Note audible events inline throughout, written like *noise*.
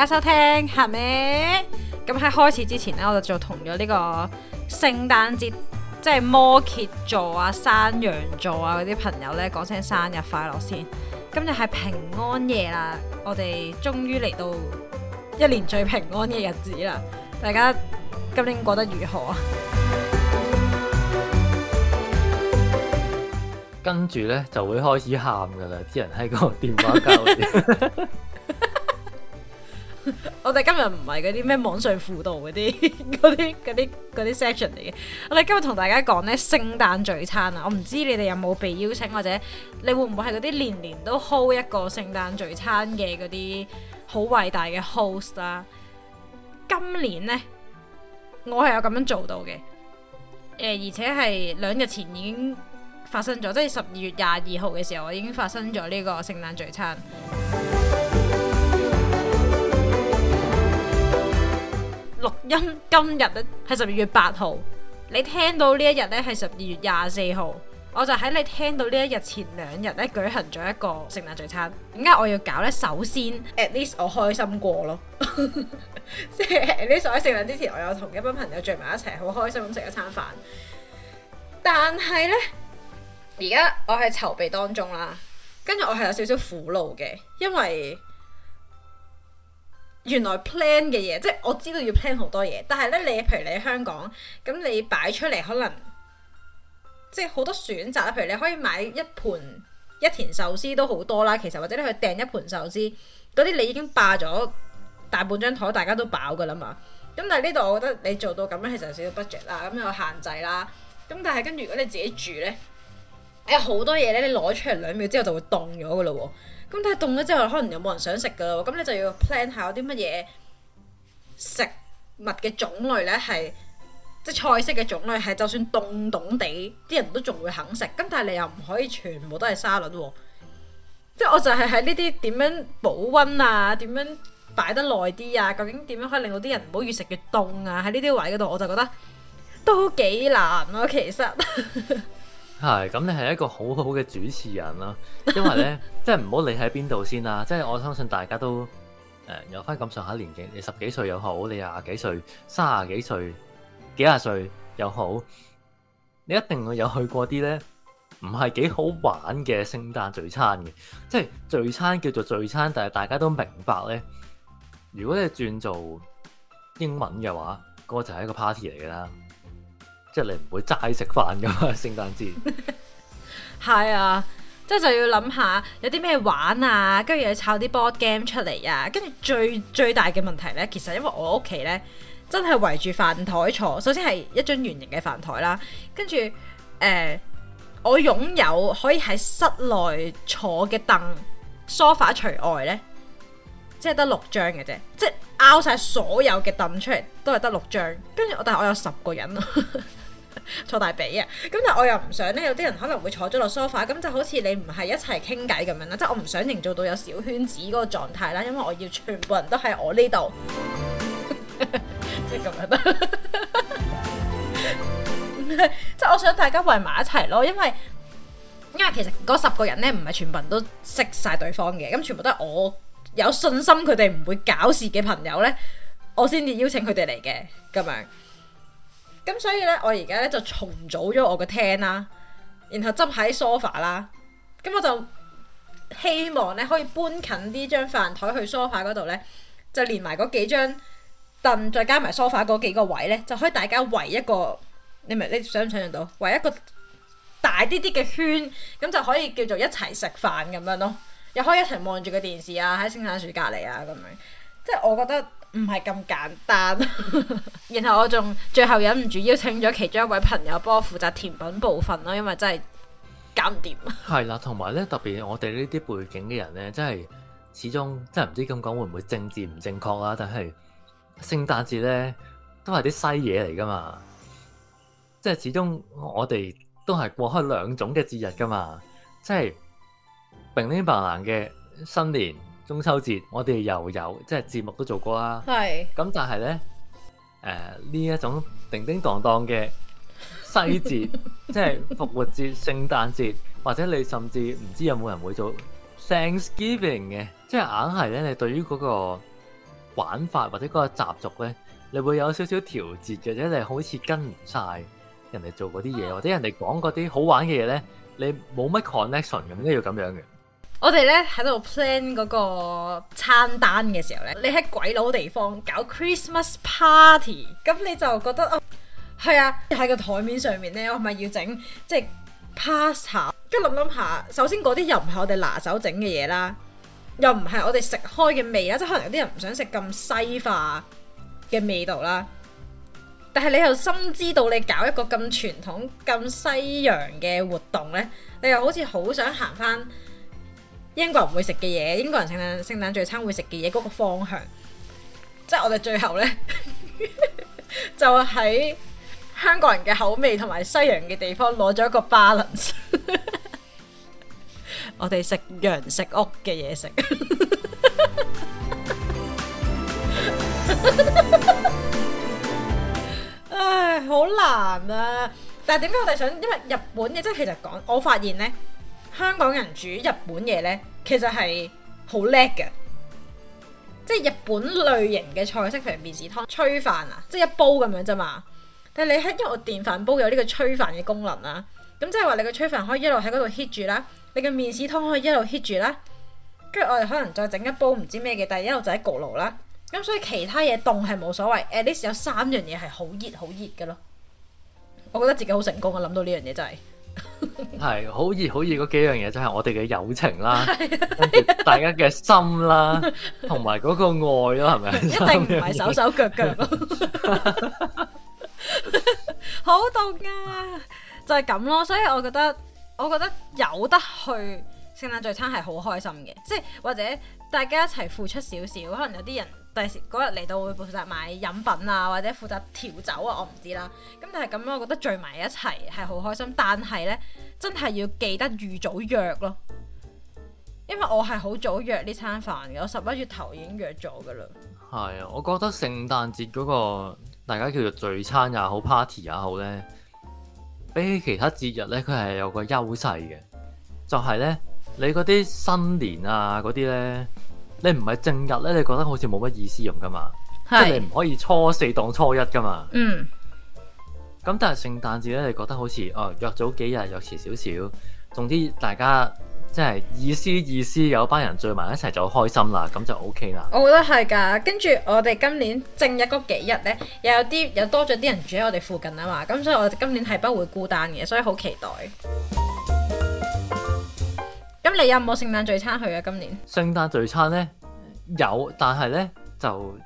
大家收聽係咪？咁喺開始之前呢，我就做同咗呢個聖誕節，即係摩羯座啊、山羊座啊嗰啲朋友呢，講聲生日快樂先。今日係平安夜啦，我哋終於嚟到一年最平安嘅日子啦。大家今年過得如何啊？跟住呢就會開始喊噶啦，啲人喺個電話交。 *laughs* *laughs* *laughs* 我哋今日唔係嗰啲咩網上輔導嗰啲嗰啲嗰啲嗰啲 section 嚟嘅，我哋今日同大家講咧聖誕聚餐啊！我唔知你哋有冇被邀請，或者你會唔會係嗰啲年年都 hold 一個聖誕聚餐嘅嗰啲好偉大嘅 host、啦、啊？今年呢，我係有咁樣做到嘅，誒、呃，而且係兩日前已經發生咗，即係十二月廿二號嘅時候，我已經發生咗呢個聖誕聚餐。錄音今日呢係十二月八號，你聽到呢一日呢係十二月廿四號，我就喺你聽到呢一日前兩日呢舉行咗一個聖誕聚餐。點解我要搞呢？首先，at least 我開心過咯，即 *laughs* 係、就是、at least 我喺聖誕之前，我有同一班朋友聚埋一齊，好開心咁食一餐飯。但係呢，而家我係籌備當中啦，跟住我係有少少苦惱嘅，因為。原來 plan 嘅嘢，即係我知道要 plan 好多嘢，但係咧你譬如你喺香港，咁你擺出嚟可能即係好多選擇啦。譬如你可以買一盤一田壽司都好多啦，其實或者你去訂一盤壽司嗰啲，你已經霸咗大半張台，大家都飽噶啦嘛。咁但係呢度我覺得你做到咁樣其實有少少 budget 啦，咁有限制啦。咁但係跟住如果你自己住呢。有好多嘢咧，你攞出嚟兩秒之後就會凍咗噶啦喎，咁但係凍咗之後可能又冇人想食噶咯，咁你就要 plan 下有啲乜嘢食物嘅種類咧，係即係菜式嘅種類，係就算凍凍地，啲人都仲會肯食，咁但係你又唔可以全部都係沙律喎，即係我就係喺呢啲點樣保溫啊，點樣擺得耐啲啊，究竟點樣可以令到啲人唔好越食越凍啊？喺呢啲位嗰度，我就覺得都幾難咯，其實。 *laughs* 係咁，你係一個好好嘅主持人啦。因為呢，即係唔好理喺邊度先啦。即係我相信大家都誒、呃、有返咁上下年紀，你十幾歲又好，你廿幾歲、三十幾歲、幾廿歲又好，你一定會有去過啲呢唔係幾好玩嘅聖誕聚餐嘅。即係聚餐叫做聚餐，但係大家都明白呢，如果你轉做英文嘅話，嗰、嗰個、就係一個 party 嚟噶啦。即係你唔會齋食飯噶嘛？聖誕節。係啊，即係就要諗下有啲咩玩啊，跟住又要炒啲 board game 出嚟啊。跟住最最大嘅問題呢，其實因為我屋企呢，真係圍住飯台坐。首先係一張圓形嘅飯台啦，跟住誒我擁有可以喺室內坐嘅凳，梳化除外呢，即係得六張嘅啫。即係拗晒所有嘅凳出嚟都係得六張，跟住我但係我有十個人。 *laughs* 坐大髀啊！咁但我又唔想咧，有啲人可能會坐咗落梳化，咁就好似你唔係一齊傾偈咁樣啦。即係我唔想營造到有小圈子嗰個狀態啦，因為我要全部人都喺我呢度， *laughs* 這 *laughs* *laughs* 即係咁樣咯。即係我想大家圍埋一齊咯，因為因為其實嗰十個人咧，唔係全部人都識晒對方嘅。咁全部都係我有信心佢哋唔會搞事嘅朋友咧，我先至邀請佢哋嚟嘅咁樣。咁所以咧，我而家咧就重組咗我個廳啦，然後執喺 sofa 啦。咁我就希望咧可以搬近啲張飯台去 sofa 嗰度咧，就連埋嗰幾張凳，再加埋 sofa 嗰幾個位咧，就可以大家圍一個，你咪你想唔想象到圍一個大啲啲嘅圈，咁就可以叫做一齊食飯咁樣咯。又可以一齊望住個電視啊，喺聖誕樹隔離啊咁樣。即係我覺得。唔係咁簡單， *laughs* 然後我仲最後忍唔住邀請咗其中一位朋友幫我負責甜品部分咯，因為真係搞唔掂。 *laughs* 係啦，同埋咧特別我哋呢啲背景嘅人咧，真係始終真係唔知咁講會唔會政治唔正確啊。但係聖誕節咧都係啲西嘢嚟噶嘛，即係始終我哋都係過開兩種嘅節日噶嘛，即係明里白蘭嘅新年。中秋節我哋又有，即係節目都做過啦。係是。咁但係咧，誒、呃、呢一種叮叮噹噹嘅西節， *laughs* 即係復活節、聖誕節，或者你甚至唔知有冇人會做 Thanksgiving 嘅，即係硬係咧，你對於嗰個玩法或者嗰個習俗咧，你會有少少調節嘅啫。你好似跟唔晒人哋做嗰啲嘢， *laughs* 或者人哋講嗰啲好玩嘅嘢咧，你冇乜 connection 咁，都要咁樣嘅。我哋咧喺度 plan 嗰個餐單嘅時候咧，你喺鬼佬地方搞 Christmas party，咁你就覺得哦，係啊，喺個檯面上面咧，我咪要整即係 pasta，跟住諗諗下，首先嗰啲又唔係我哋拿手整嘅嘢啦，又唔係我哋食開嘅味啊。即係可能有啲人唔想食咁西化嘅味道啦。但係你又深知道你搞一個咁傳統、咁西洋嘅活動咧，你又好似好想行翻。英國人唔會食嘅嘢，英國人聖誕聖誕聚餐會食嘅嘢，嗰個方向，即係我哋最後呢，就喺香港人嘅口味同埋西洋嘅地方攞咗一個 balance。我哋食洋食屋嘅嘢食。唉，好難啊！但係點解我哋想？因為日本嘅即係其實講，我發現呢。香港人煮日本嘢呢，其實係好叻嘅，即係日本類型嘅菜式，譬如麵豉湯、炊飯啊，即係一煲咁樣啫嘛。但係你喺因為我電飯煲有呢個炊飯嘅功能啦，咁即係話你個炊飯可以一路喺嗰度 heat 住啦，你嘅麵豉湯可以一路 heat 住啦，跟住我哋可能再整一煲唔知咩嘅，但係一路就喺焗爐啦。咁所以其他嘢凍係冇所謂，at least 有三樣嘢係好熱好熱嘅咯。我覺得自己好成功啊，諗到呢樣嘢真係。係好熱好熱嗰幾樣嘢，就係我哋嘅友情啦，啊、大家嘅心啦，同埋嗰個愛咯，係咪？一定唔係手手腳腳咯，好凍啊！就係、是、咁咯，所以我覺得，我覺得有得去聖誕聚餐係好開心嘅，即係或者大家一齊付出少少，可能有啲人。第時嗰日嚟到會負責買飲品啊，或者負責調酒啊，我唔知啦。咁但係咁樣，我覺得聚埋一齊係好開心。但係呢真係要記得預早約咯，因為我係好早約呢餐飯嘅，我十一月頭已經約咗噶啦。係啊，我覺得聖誕節嗰個大家叫做聚餐又好，party 也好呢，比起其他節日呢，佢係有個優勢嘅，就係呢，你嗰啲新年啊嗰啲呢。你唔係正日咧，你覺得好似冇乜意思用噶嘛？是即係你唔可以初四當初一噶嘛？嗯。咁但係聖誕節咧，你覺得好似哦、呃、約早幾日約遲少少，總之大家即係意思意思，有班人聚埋一齊就開心啦，咁就 OK 啦。我覺得係㗎，跟住我哋今年正日嗰幾日咧，又有啲又多咗啲人住喺我哋附近啊嘛，咁所以我哋今年係不會孤單嘅，所以好期待。咁你有冇聖誕聚餐去啊？今年聖誕聚餐呢，有，但係呢就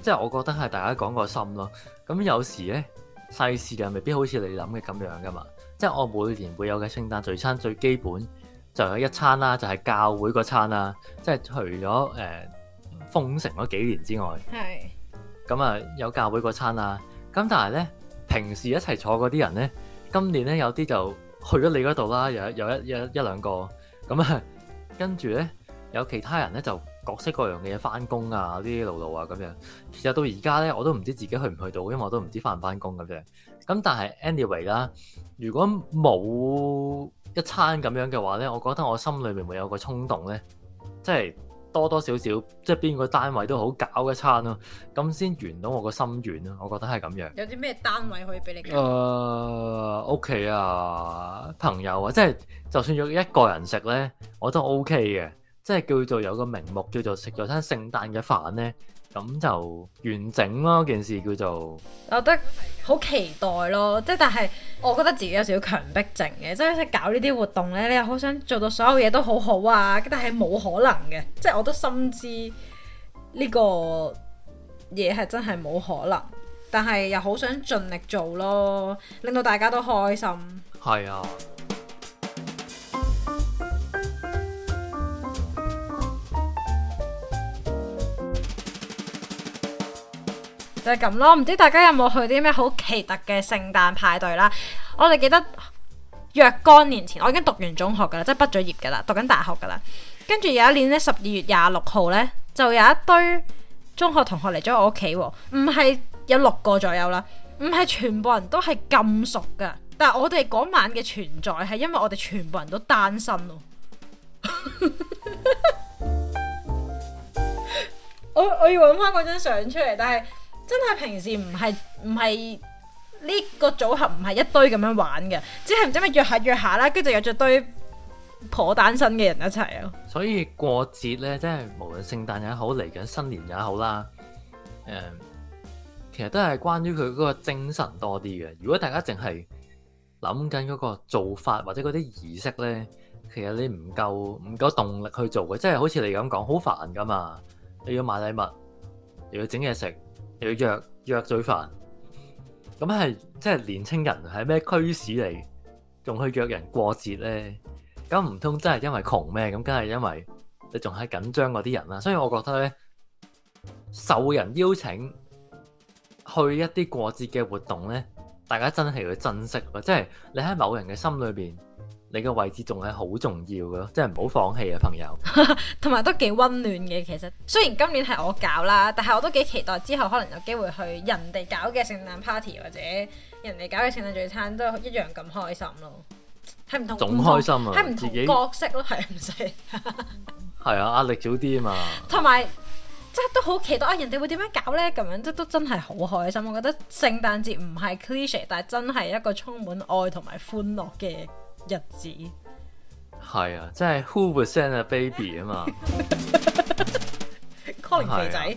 即係我覺得係大家講個心咯。咁有時呢，世事就未必好似你諗嘅咁樣噶嘛。即係我每年會有嘅聖誕聚餐最基本就有一餐啦，就係教會嗰餐啦。即係除咗誒封城嗰幾年之外，係。咁啊，有教會嗰餐啦。咁但係呢，平時一齊坐嗰啲人呢，今年呢，有啲就去咗你嗰度啦，有有一一一兩個。咁啊，跟住咧有其他人咧就各式各樣嘅嘢，翻工啊，呢啲路路啊咁樣。其實到而家咧，我都唔知自己去唔去到，因為我都唔知翻唔翻工咁樣。咁但係 anyway 啦，如果冇一餐咁樣嘅話咧，我覺得我心裏面會有個衝動咧，即係。多多少少即係邊個單位都好搞一餐咯，啊，咁先圓到我個心願咯，啊，我覺得係咁樣。有啲咩單位可以俾你？誒屋企啊，朋友啊，即係就算有一個人食咧，我都 OK 嘅。即係叫做有個名目，叫做食咗餐聖誕嘅飯咧。咁就完整咯，件事叫做，我覺得好期待咯，即係但係我覺得自己有少少強迫症嘅，即係，搞呢啲活動呢，你又好想做到所有嘢都好好啊，但係冇可能嘅，即係我都深知呢個嘢係真係冇可能，但係又好想盡力做咯，令到大家都開心。係啊。就係咁咯，唔知大家有冇去啲咩好奇特嘅聖誕派對啦？我哋記得若干年前，我已經讀完中學噶啦，即係畢咗業噶啦，讀緊大學噶啦。跟住有一年咧，十二月廿六號咧，就有一堆中學同學嚟咗我屋企，唔係有六個左右啦，唔係全部人都係咁熟噶。但係我哋嗰晚嘅存在係因為我哋全部人都單身咯、哦。 *laughs* 我我要揾返嗰張相出嚟，但係。真係平時唔係唔係呢個組合，唔係一堆咁樣玩嘅，只係唔知咩約下約下啦，跟住有咗堆頗單身嘅人一齊啊！所以過節咧，即係無論聖誕也好，嚟緊新年也好啦，誒、嗯，其實都係關於佢嗰個精神多啲嘅。如果大家淨係諗緊嗰個做法或者嗰啲儀式咧，其實你唔夠唔夠動力去做嘅，即係好似你咁講，好煩噶嘛！你要買禮物，又要整嘢食。要約約最煩，咁係即係年青人係咩驅使嚟？仲去約人過節呢？咁唔通真係因為窮咩？咁梗係因為你仲係緊張嗰啲人啦。所以我覺得呢，受人邀請去一啲過節嘅活動呢，大家真係要珍惜咯。即係你喺某人嘅心裏邊。你個位置仲係好重要嘅咯，即係唔好放棄啊，朋友。同埋 *laughs* 都幾温暖嘅。其實雖然今年係我搞啦，但係我都幾期待之後可能有機會去人哋搞嘅聖誕 party 或者人哋搞嘅聖誕聚餐，都一樣咁開心咯。睇唔同總開心啊！睇唔同角色咯，係唔使。係啊，壓力早啲啊嘛。同埋即係都好期待、啊、人哋會點樣搞呢？咁樣都都真係好開心。我覺得聖誕節唔係 cliche，但係真係一個充滿愛同埋歡樂嘅。日子係啊，即係 Who was s e n d i baby 啊嘛，calling 肥仔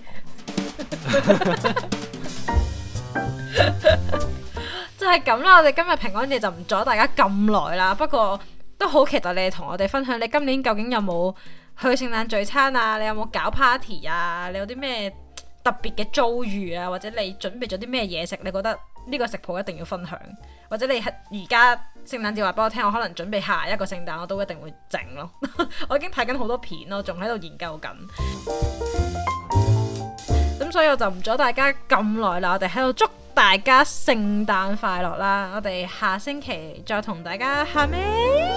*laughs* 就係咁啦。我哋今日平安夜就唔阻大家咁耐啦。不過都好期待你哋同我哋分享你今年究竟有冇去聖誕聚餐啊？你有冇搞 party 啊？你有啲咩特別嘅遭遇啊？或者你準備咗啲咩嘢食？你覺得？呢個食譜一定要分享，或者你係而家聖誕節話俾我聽，我可能準備下一個聖誕我都一定會整咯。 *laughs* 我已經睇緊好多片咯，仲喺度研究緊。咁 *music* *music* 所以我就唔阻大家咁耐啦，我哋喺度祝大家聖誕快樂啦！我哋下星期再同大家見面。